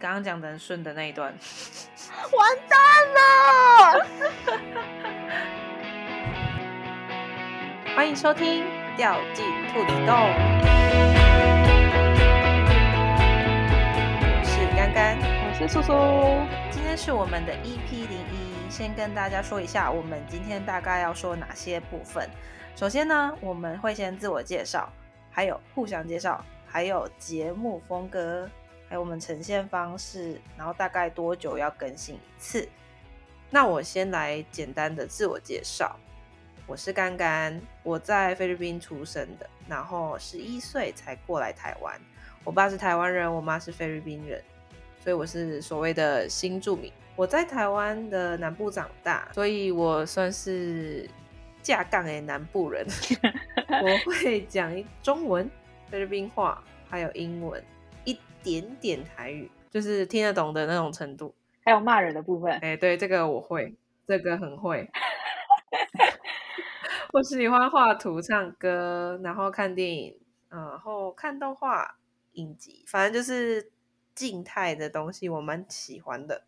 剛剛講的很順的那一段，完蛋了！ 歡迎收聽《掉進兔子洞》干干，我是干干，我是蘇蘇，今天是我們的 EP 零一，先跟大家說一下我們今天大概要說哪些部分。首先呢，我們會先自我介紹，還有互相介紹，還有節目風格。還有我們呈現方式，然後大概多久要更新一次？那我先來簡單的自我介紹，我是干干，我在菲律賓出生的，然後十一歲才過來台灣。我爸是台灣人，我媽是菲律賓人，所以我是所謂的新住民。我在台灣的南部長大，所以我算是架槓的南部人。 我會講中文、菲律賓話還有英文。點點台語，就是聽得懂的那種程度，還有罵人的部分。哎、欸，對，這個我會，這個很會。 我喜歡畫圖、唱歌，然後看電影，然後看動畫影集，反正就是靜態的東西，我蠻喜歡的。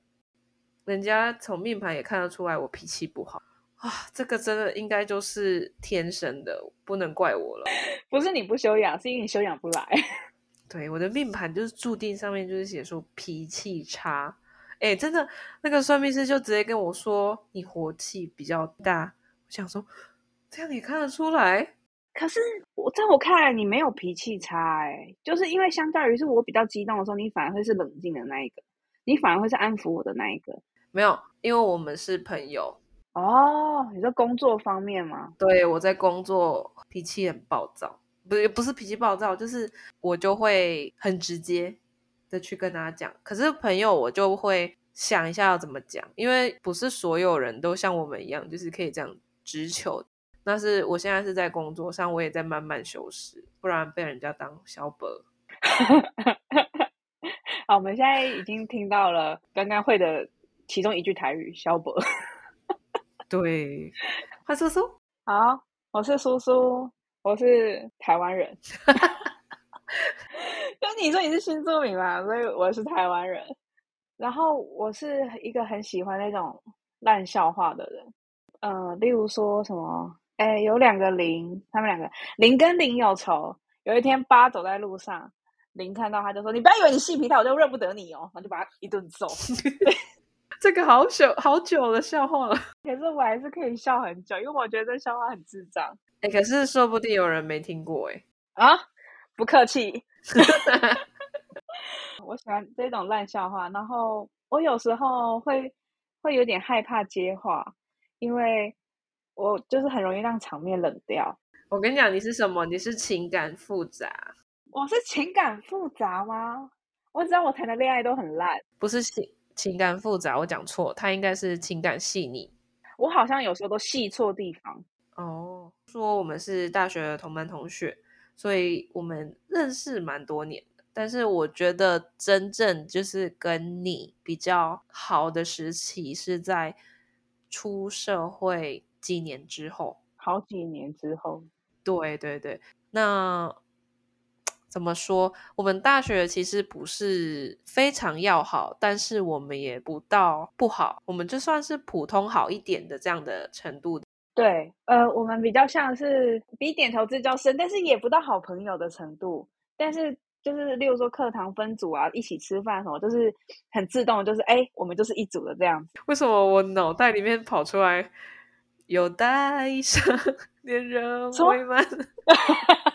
人家從命盤也看得出來，我脾氣不好啊，這個真的應該就是天生的，不能怪我了。不是你不修養，是因為你修養不來。對我的命盤就是注定上面就是寫說脾氣差，哎，真的那個算命師就直接跟我說，你火氣比較大。我想說，這樣你看得出來？可是我在我看來你沒有脾氣差，欸，哎，就是因為相當於是我比較激動的時候，你反而會是冷靜的那一個，你反而會是安撫我的那一個。沒有，因為我們是朋友哦。你在工作方面嗎？對，我在工作脾氣很暴躁。不是不是脾氣暴躁，就是我就會很直接的去跟大家講。可是朋友，我就會想一下要怎麼講，因為不是所有人都像我們一樣，就是可以這樣直球。那是我現在是在工作上，我也在慢慢修飾，不然被人家當小伯。 好，我們現在已經聽到了剛剛會的其中一句台語“小伯” 對，換酥酥。好，我是酥酥。我是台灣人， 跟你說，你是新作品嘛，所以我是台灣人。然後我是一個很喜歡那種爛笑話的人，嗯、呃、例如說什麼，誒、欸、有兩個零，他們兩個零跟零有仇。有一天八走在路上，零看到他就說：“你不要以為你繫皮帶，我就認不得你哦。”然後就把他一頓揍。這個好久好久的笑話了，可是我還是可以笑很久，因為我覺得這笑話很智障誒。可是說不定有人沒聽過哎啊，不客氣。 我喜歡這種爛笑話，然後我有時候會會有點害怕接話，因為我就是很容易讓場面冷掉。我跟你講，你是什麼？你是情感複雜。我是情感複雜嗎？我只知道我談的戀愛都很爛，不是情感複雜，我講錯，他應該是情感細膩。我好像有時候都細錯地方哦。說我們是大學的同班同學，所以我們認識蠻多年，但是我覺得真正就是跟你比較好的時期是在出社會幾年之後，好幾年之後。對對對，那。怎麼說？我們大學其實不是非常要好，但是我們也不到不好，我們就算是普通好一點的這樣的程度。對，呃，我們比較像是比點頭之交深，但是也不到好朋友的程度。但是就是，例如說課堂分組啊，一起吃飯什麼，就是很自動，就是哎，我們就是一組的這樣。為什麼我腦袋裡面跑出來有帶一生戀人？什麼？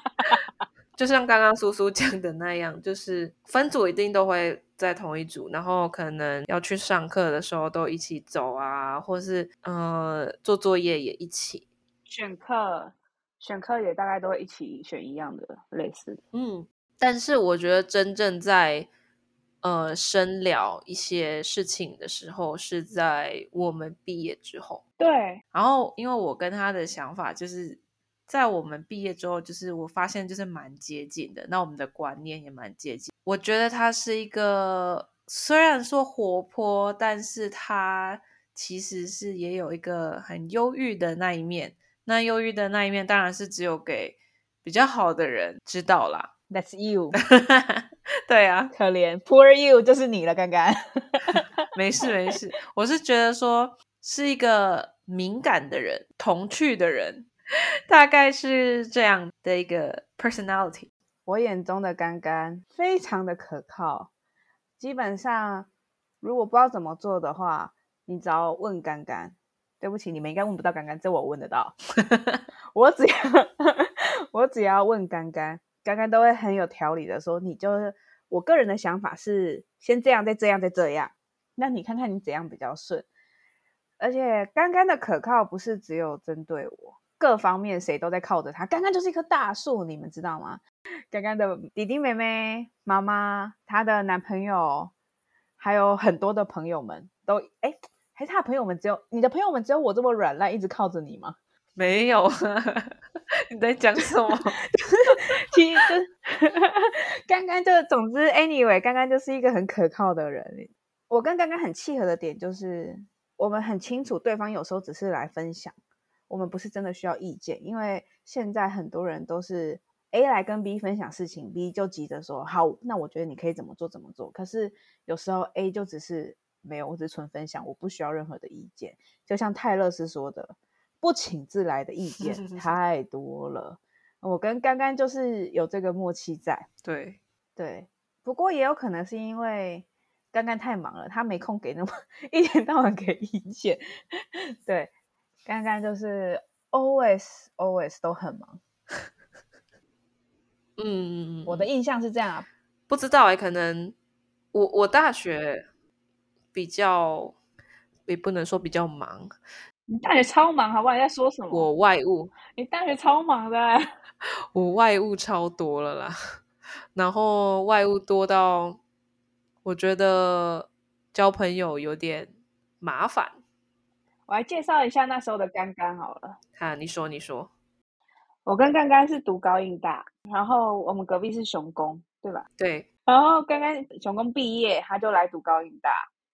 就像剛剛蘇蘇講的那樣，就是分組一定都會在同一組，然後可能要去上課的時候都一起走啊，或是呃做作業也一起。選課選課也大概都會一起選一樣的，對類似。嗯，但是我覺得真正在呃深聊一些事情的時候，是在我們畢業之後。對。然後，因為我跟他的想法就是。在我們畢業之後，就是我發現就是蠻接近的。那我們的觀念也蠻接近。我覺得他是一個雖然說活潑，但是他其實是也有一個很憂鬱的那一面。那憂鬱的那一面，當然是只有給比較好的人知道啦。That's you。 對啊，可憐 poor you 就是你了，剛剛。 沒事沒事，我是覺得說是一個敏感的人，童趣的人。大概是這樣的一個 personality，我眼中的干干非常的可靠。基本上，如果不知道怎麼做的話，你只要問干干。對不起，你們應該問不到干干，這我問得到。 我只要我只要問干干，干干都會很有條理的說，你就……我個人的想法是先這樣，再這樣，再這樣。那你看看你怎樣比較順。而且，干干的可靠不是只有針對我。各方面誰都在靠着他，干干就是一棵大樹，你們知道嗎？干干的弟弟、妹妹、媽媽、他的男朋友，還有很多的朋友們都哎，還是他的朋友們只有你的朋友們只有我這麼軟爛，一直靠着你嗎？沒有， 你在講什麼？其實、就是就是就是、干干就總之，anyway，干干就是一個很可靠的人。我跟干干很契合的點就是，我們很清楚對方有時候只是來分享。我們不是真的需要意見，因為現在很多人都是 A 來跟 B 分享事情，B 就急着說好，那我覺得你可以怎麼做怎麼做。可是有時候 A 就只是沒有，我只是純分享，我不需要任何的意見。就像泰勒斯說的，不請自來的意見太多了。 我跟干干就是有這個默契在。對對，不過也有可能是因為干干太忙了，他沒空給那麼一天到晚給意見。對。剛剛就是 always always 都很忙。嗯，我的印象是這樣啊，不知道、欸、可能我我大學比較也不能說比較忙，你大學超忙，好不好？你在說什麼？我外務，你大學超忙的啊，我外務超多了啦，然後外務多到我覺得交朋友有點麻煩。我來介紹一下那時候的干干好了。好，你說你說，我跟干干是讀高應大，然後我們隔壁是雄工，對吧？對，然後干干雄工畢業，他就來讀高應大，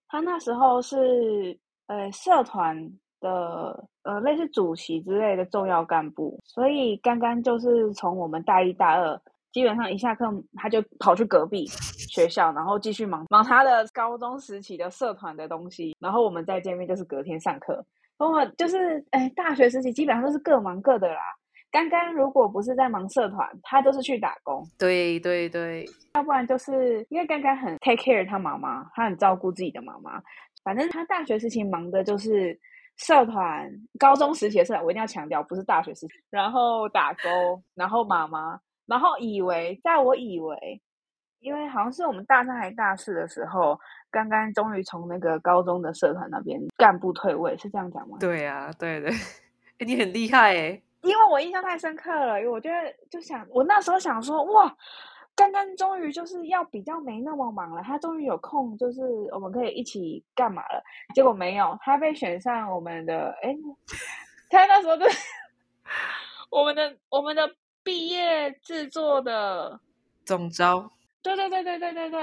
他那時候是呃社團的呃類似主席之類的重要幹部，所以干干就是從我們大一大二。基本上一下課他就跑去隔壁學校，然後繼續忙忙他的高中時期的社團的東西，然後我們再見面就是隔天上課。跟、哦、我就是、哎，大學時期基本上都是各忙各的啦。剛剛如果不是在忙社團，他都是去打工。對對對，對對要不然就是因為剛剛很 take care 他媽媽，他很照顧自己的媽媽。反正他大學時期忙的就是社團，高中時期的社團我一定要強調，不是大學時期。然後打工， 然後媽媽。然後以為，在我以為，因為好像是我們大三還大四的時候，剛剛終於從那個高中的社團那邊幹部退位，是這樣講嗎？對呀、啊，對對、欸，你很厲害哎、欸，因為我印象太深刻了，因為我覺得就想，我那時候想說，哇，剛剛終於就是要比較沒那麼忙了，他終於有空，就是我們可以一起幹嘛了？結果沒有，他被選上我們的，哎、欸，他那時候對、就是。我們的我們的。畢業制作的總招，對對對對對對對，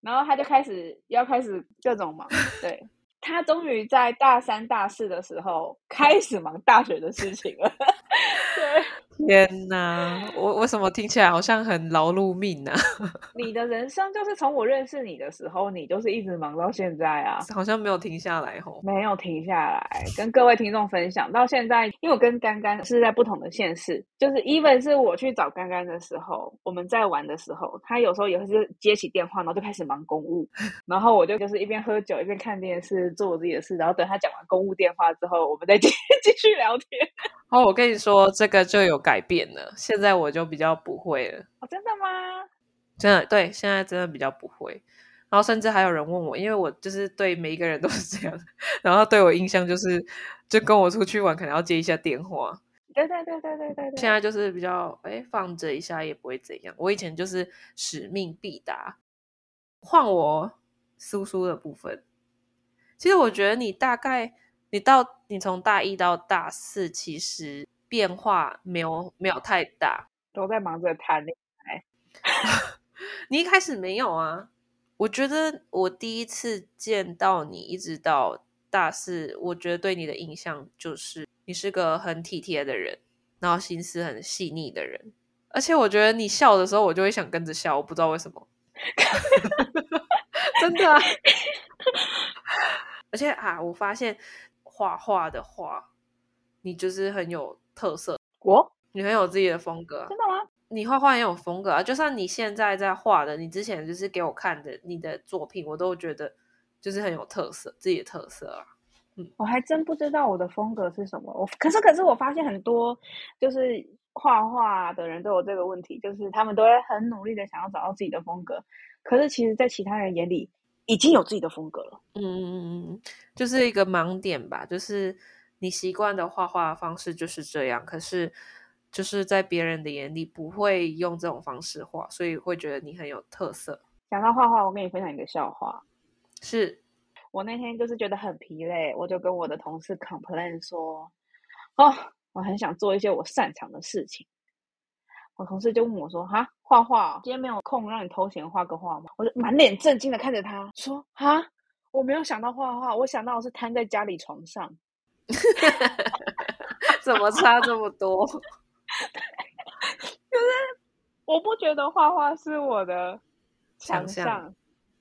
然後他就開始要開始各種忙， 對，他終於在大三大四的時候開始忙大學的事情了， 對。天吶，我為什麼聽起來好像很勞碌命呢、啊？你的人生就是從我認識你的時候，你就是一直忙到現在啊，好像沒有停下來哦，沒有停下來，跟各位聽眾分享到現在，因為我跟干干是在不同的縣市，就是 even 是我去找干干的時候，我們在玩的時候，他有時候也會是接起電話，然後就開始忙公務，然後我就就是一邊喝酒一邊看電視，做我自己的事，然後等他講完公務電話之後，我們再繼續聊天。哦，我跟你說，這個就有干。改變了，現在我就比較不會了。哦，真的嗎？真的對，現在真的比較不會。然後甚至還有人問我，因為我就是對每一個人都是這樣。然後對我印象就是，就跟我出去玩，可能要接一下電話。對對，對對對對對對。現在就是比較哎，欸，放着一下也不會怎樣。我以前就是使命必達。換我蘇蘇的部分，其實我覺得你大概，你到你從大一到大四，其實。變化沒有，沒有太大。都在忙着談戀愛。你一開始沒有啊？我覺得我第一次見到你，一直到大四，我覺得對你的印象就是你是個很體貼的人，然後心思很細膩的人。而且我覺得你笑的時候，我就會想跟着笑，我不知道為什麼。真的啊！而且啊，我發現畫畫的話，你就是很有。特色我，你很有自己的風格。真的嗎？你畫畫也有風格啊，就像你現在在畫的，你之前就是給我看的你的作品，我都覺得就是很有特色，自己的特色啊。嗯，我還真不知道我的風格是什麼。我，可是，可是我發現很多就是畫畫的人都有這個問題，就是他們都會很努力的想要找到自己的風格，可是其實在其他人眼裡已經有自己的風格了。嗯嗯嗯嗯，就是一個盲點吧，就是。你習慣的畫畫的方式就是這樣，可是就是在別人的眼裡不會用這種方式畫，所以會覺得你很有特色。講到畫畫，我跟你分享一個笑話。是我那天就是覺得很疲累，我就跟我的同事 complain 說：“哦，我很想做一些我擅長的事情。”我同事就問我說：“哈，畫畫？今天沒有空讓你偷閒畫個畫嗎？”我就滿臉震驚的看着他說：“哈，我沒有想到畫畫，我想到我是癱在家裡床上。”哈哈哈！ 怎麼差這麼多？ 就是我不覺得畫畫是我的強項，強項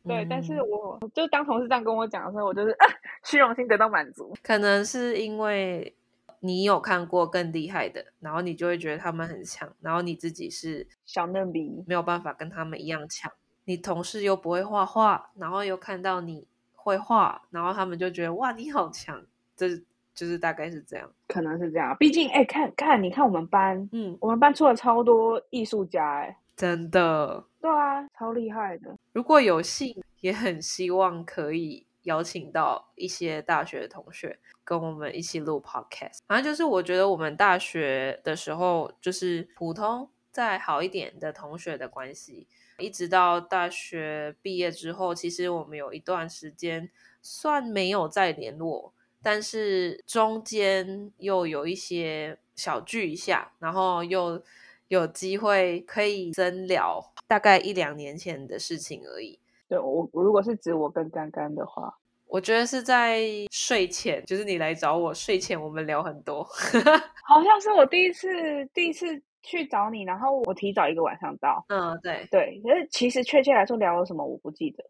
對。嗯、但是我就當同事這樣跟我講的時候，我就是、啊、虛榮心得到滿足。可能是因為你有看過更厲害的，然後你就會覺得他們很強，然後你自己是小嫩鼻，沒有辦法跟他們一樣強。你同事又不會畫畫，然後又看到你會畫，然後他們就覺得哇，你好強！這是就是大概是這樣，可能是這樣。畢竟，哎、欸，看看你看我們班，嗯，我們班出了超多藝術家、欸，哎，真的，對啊，超厲害的。如果有幸，也很希望可以邀請到一些大學的同學跟我們一起錄 Podcast。啊、反正就是，我覺得我們大學的時候，就是普通再好一點的同學的關係，一直到大學畢業之後，其實我們有一段時間算沒有再聯絡。但是中間又有一些小聚一下，然後又有機會可以真聊，大概一兩年前的事情而已。對，我如果是指我跟干干的話，我覺得是在睡前，就是你來找我睡前我們聊很多， 好像是我第一次第一次去找你，然後我提早一個晚上到。嗯，對對，可是其實確切來說聊了什麼我不記得，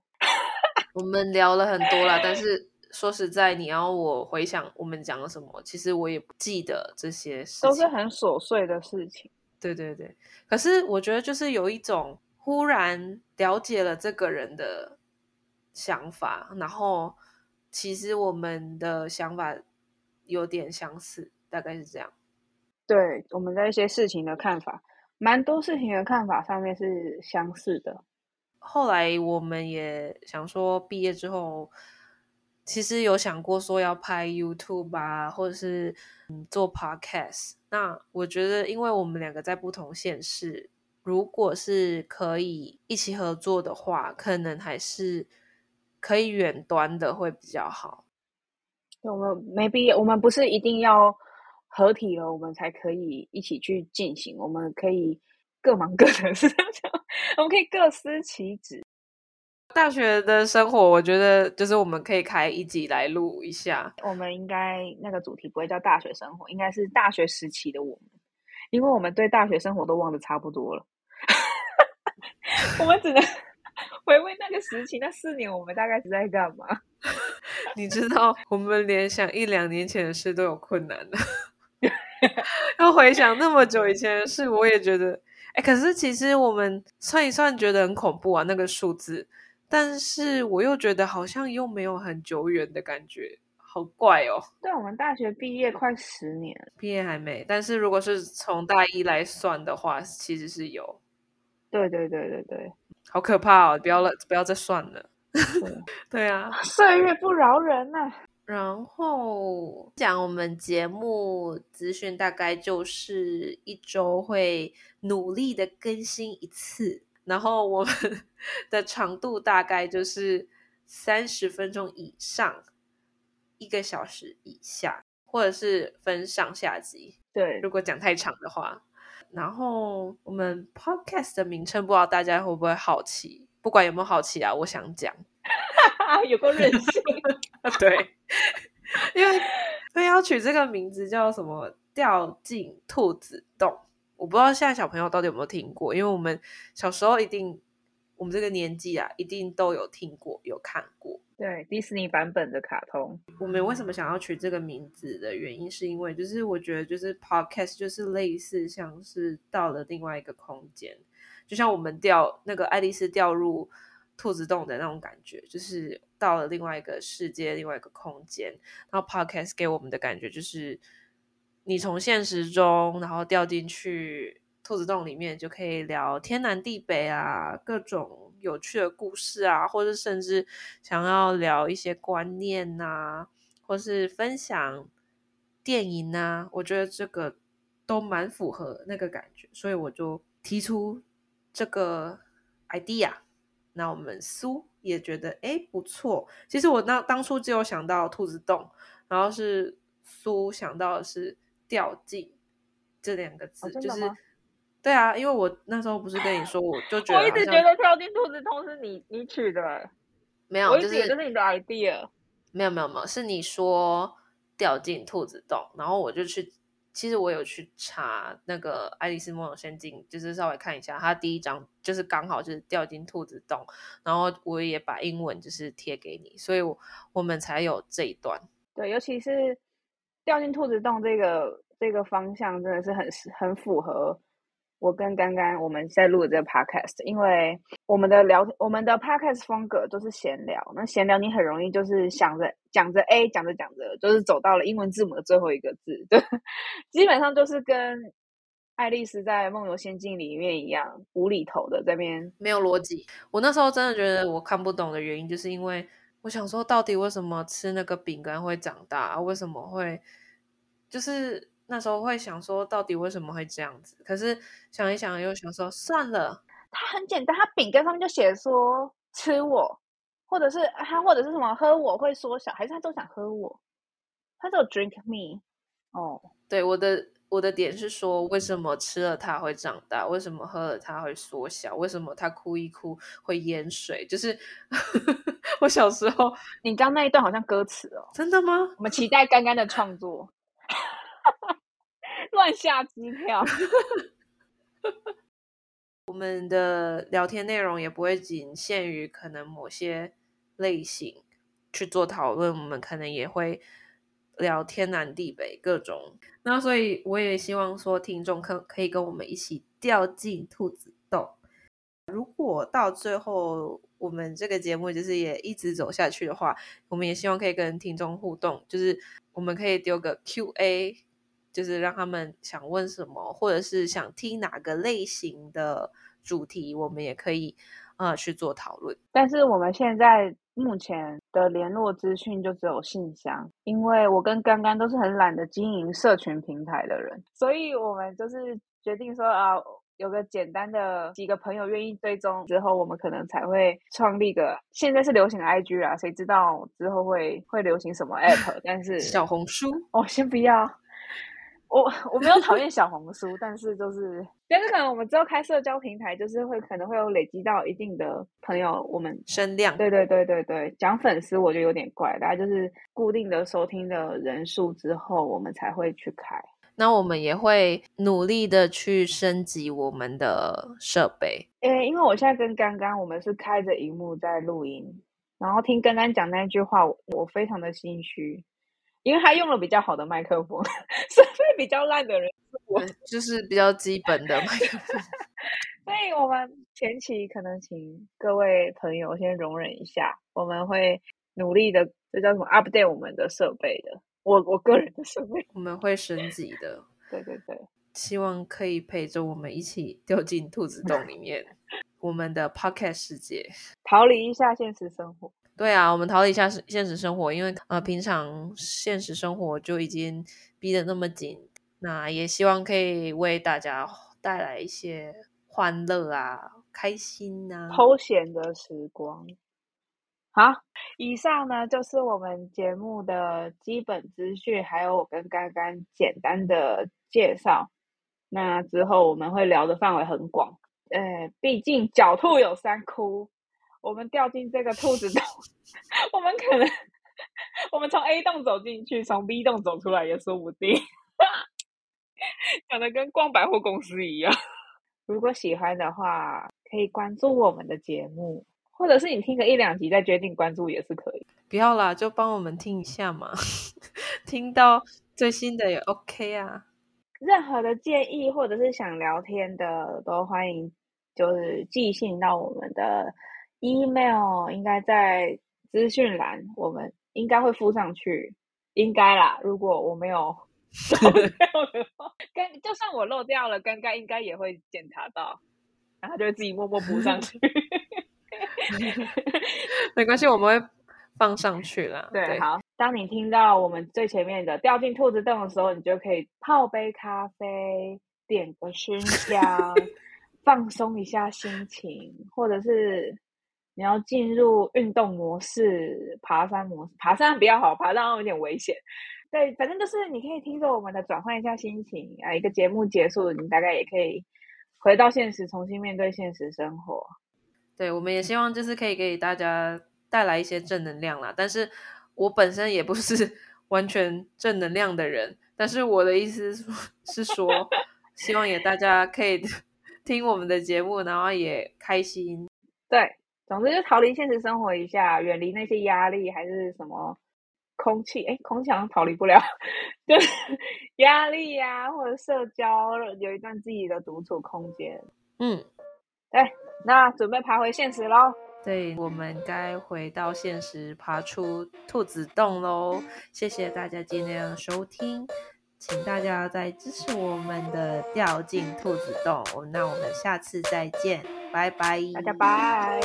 我們聊了很多啦，哎、但是。說實在，你要我回想我們講了什麼，其實我也不記得這些事，都是很瑣碎的事情。對對對，可是我覺得就是有一種忽然了解了這個人的想法，然後其實我們的想法有點相似，大概是這樣。對，我們在一些事情的看法，蠻多事情的看法上面是相似的。後來我們也想說，畢業之後。其實有想過說要拍 YouTube 吧，啊，或者是嗯做 Podcast。那我覺得，因為我們兩個在不同縣市，如果是可以一起合作的話，可能還是可以遠端的會比較好。我們沒必要，Maybe, 我們不是一定要合體了，我們才可以一起去進行。我們可以各忙各的事， 我們可以各司其職。大學的生活，我覺得就是我們可以開一集來錄一下。我們應該那個主題不會叫大學生活，應該是大學時期的我們，因為我們對大學生活都忘得差不多了。 我們只能回味那個時期，那四年我們大概是在幹嘛？ 你知道，我們連想一兩年前的事都有困難的，要 回想那麼久以前的事，我也覺得，哎、欸，可是其實我們算一算，覺得很恐怖啊，那個數字。但是我又覺得好像又沒有很久遠的感覺，好怪哦。對，我們大學畢業快十年，畢業還沒。但是如果是從大一來算的話，其實是有。對，對對對對對，好可怕哦！不要了，不要再算了。是 對啊，歲月不饒人吶、啊。然後講我們節目資訊，大概就是一周會努力的更新一次。然後我們的長度大概就是三十分鐘以上，一個小時以下，或者是分上下集。對，如果講太長的話，然後我們 podcast 的名稱不知道大家會不會好奇，不管有沒有好奇啊，我想講， 有夠任性。 對， 因為要取這個名字叫什麼？掉進兔子洞。我不知道現在小朋友到底有沒有聽過，因為我們小時候一定，我們這個年紀啊，一定都有聽過、有看過。對，迪士尼版本的卡通。我們為什麼想要取這個名字的原因，是因為就是我覺得就是 podcast 就是類似像是到了另外一個空間，就像我們掉那個愛麗絲掉入兔子洞的那種感覺，就是到了另外一個世界、另外一個空間。然後 podcast 給我們的感覺就是。你從現實中，然後掉進去兔子洞裡面，就可以聊天南地北啊，各種有趣的故事啊，或者甚至想要聊一些觀念吶、啊，或是分享電影啊，我覺得這個都蠻符合那個感覺，所以我就提出這個 idea。那我們酥也覺得誒不錯，其實我那當初只有想到兔子洞，然後是酥想到的是。掉進這兩個字、哦、就是對啊，因為我那時候不是跟你說，我就覺得 我一直覺得掉進兔子洞是你你取的，沒有，一就是就是你的 idea，沒有沒有沒有是你說掉進兔子洞，然後我就去，其實我有去查那個《愛麗絲夢遊仙境》，就是稍微看一下，它第一章就是剛好就是掉進兔子洞，然後我也把英文就是貼給你，所以我，我們才有這一段，對，尤其是。掉進兔子洞這個這個方向真的是很很符合我跟干干我們在錄的這個 podcast，因為我們的聊我們的 podcast 風格都是閒聊，那閒聊你很容易就是想着講着 A 講着講着，就是走到了英文字母的最後一個字，對，基本上就是跟愛麗絲在夢遊仙境裡面一樣無厘頭的這邊沒有邏輯。我那時候真的覺得我看不懂的原因，就是因為。我想說，到底為什麼吃那個餅乾會長大？為什麼會？就是那時候會想說，到底為什麼會這樣子？可是想一想又想說，算了。它很簡單，它餅乾上面就寫說吃我，或者是它或者是什麼喝我會縮小，還是它都想喝我，它就 drink me。哦，對，我的。我的點是說，為什麼吃了它會長大？為什麼喝了它會縮小？為什麼它哭一哭會淹水？就是 我小時候，你剛剛那一段好像歌詞哦。真的嗎？我們期待干干的創作， 亂下支票。 我們的聊天內容也不會僅限於可能某些類型去做討論，我們可能也會。聊天南地北各種，那所以我也希望說，聽眾可可以跟我們一起掉進兔子洞。如果到最後我們這個節目就是也一直走下去的話，我們也希望可以跟聽眾互動，就是我們可以丟個 Q&A，就是讓他們想問什麼，或者是想聽哪個類型的主題，我們也可以，呃，去做討論。但是我們現在。目前的聯絡資訊就只有信箱，因為我跟干干都是很懶得經營社群平台的人，所以我們就是決定說啊，有個簡單的幾個朋友願意追蹤之後，我們可能才會創立個。現在是流行 IG 啊，誰知道之後會會流行什麼 APP？但是小紅書哦，先不要，我我沒有討厭小紅書， 但是就是。但是可能我們之後開社交平台，就是會可能會有累積到一定的朋友，我們聲量。對對對對對，講粉絲我覺得有點怪，大、啊、家就是固定的收聽的人數之後，我們才會去開。那我們也會努力的去升級我們的設備。誒、嗯欸，因為我現在跟剛剛我們是開着螢幕在錄音，然後聽剛剛講那句話，我我非常的心虛。因為他用了比較好的麥克風，設備比較爛的人是我，就是比較基本的麥克風。所以 我們前期可能請各位朋友先容忍一下，我們會努力的，這叫什麼？update 我們的設備的。我我個人的設備我們會升級的。 對對對，希望可以陪着我們一起掉進兔子洞裡面， 我們的 podcast 世界，逃離一下現實生活。對啊，我們逃離一下現實生活，因為呃，平常現實生活就已經逼得那麼緊，那也希望可以為大家帶來一些歡樂啊、開心啊，偷閒的時光。好，啊，以上呢就是我們節目的基本資訊，還有我跟干干簡單的介紹。那之後我們會聊的範圍很廣，呃，畢竟狡兔有三窟。我們掉進這個兔子洞，我們可能我們從 A 洞走進去，從 B 洞走出來也說不定。講 得跟逛百貨公司一樣。如果喜歡的話，可以關注我們的節目，或者是你聽個一兩集再決定關注也是可以。不要啦，就幫我們聽一下嘛， 聽到最新的也 OK 啊。任何的建議或者是想聊天的，都歡迎，就是寄信到我們的。Email 應該在資訊欄，我們應該會附上去，應該啦。如果我沒有漏掉的話，跟 就算我漏掉了，剛剛應該也會檢查到，然後就會自己默默補上去。 沒關係，我們會放上去啦。對，對，好。當你聽到我們最前面的掉進兔子洞的時候，你就可以泡杯咖啡，點個熏香，香， 放鬆一下心情，或者是。你要進入運動模式，爬山模式，爬山比較好，爬山有點危險。對，反正就是你可以聽着我們的轉換一下心情啊。一個節目結束，你大概也可以回到現實，重新面對現實生活。對，我們也希望就是可以給大家帶來一些正能量啦。但是我本身也不是完全正能量的人，但是我的意思是說，是說 希望也大家可以聽我們的節目，然後也開心。對。總之就逃離現實生活一下，遠離那些壓力還是什麼空氣？哎，空氣好像逃離不了， 就是壓力呀、啊，或者社交，有一段自己的獨處空間。嗯，哎，那準備爬回現實咯。對，我們該回到現實，爬出兔子洞嘍。謝謝大家今天的收聽。請大家再支持我們的掉進兔子洞，那我們下次再見，拜拜，大家拜。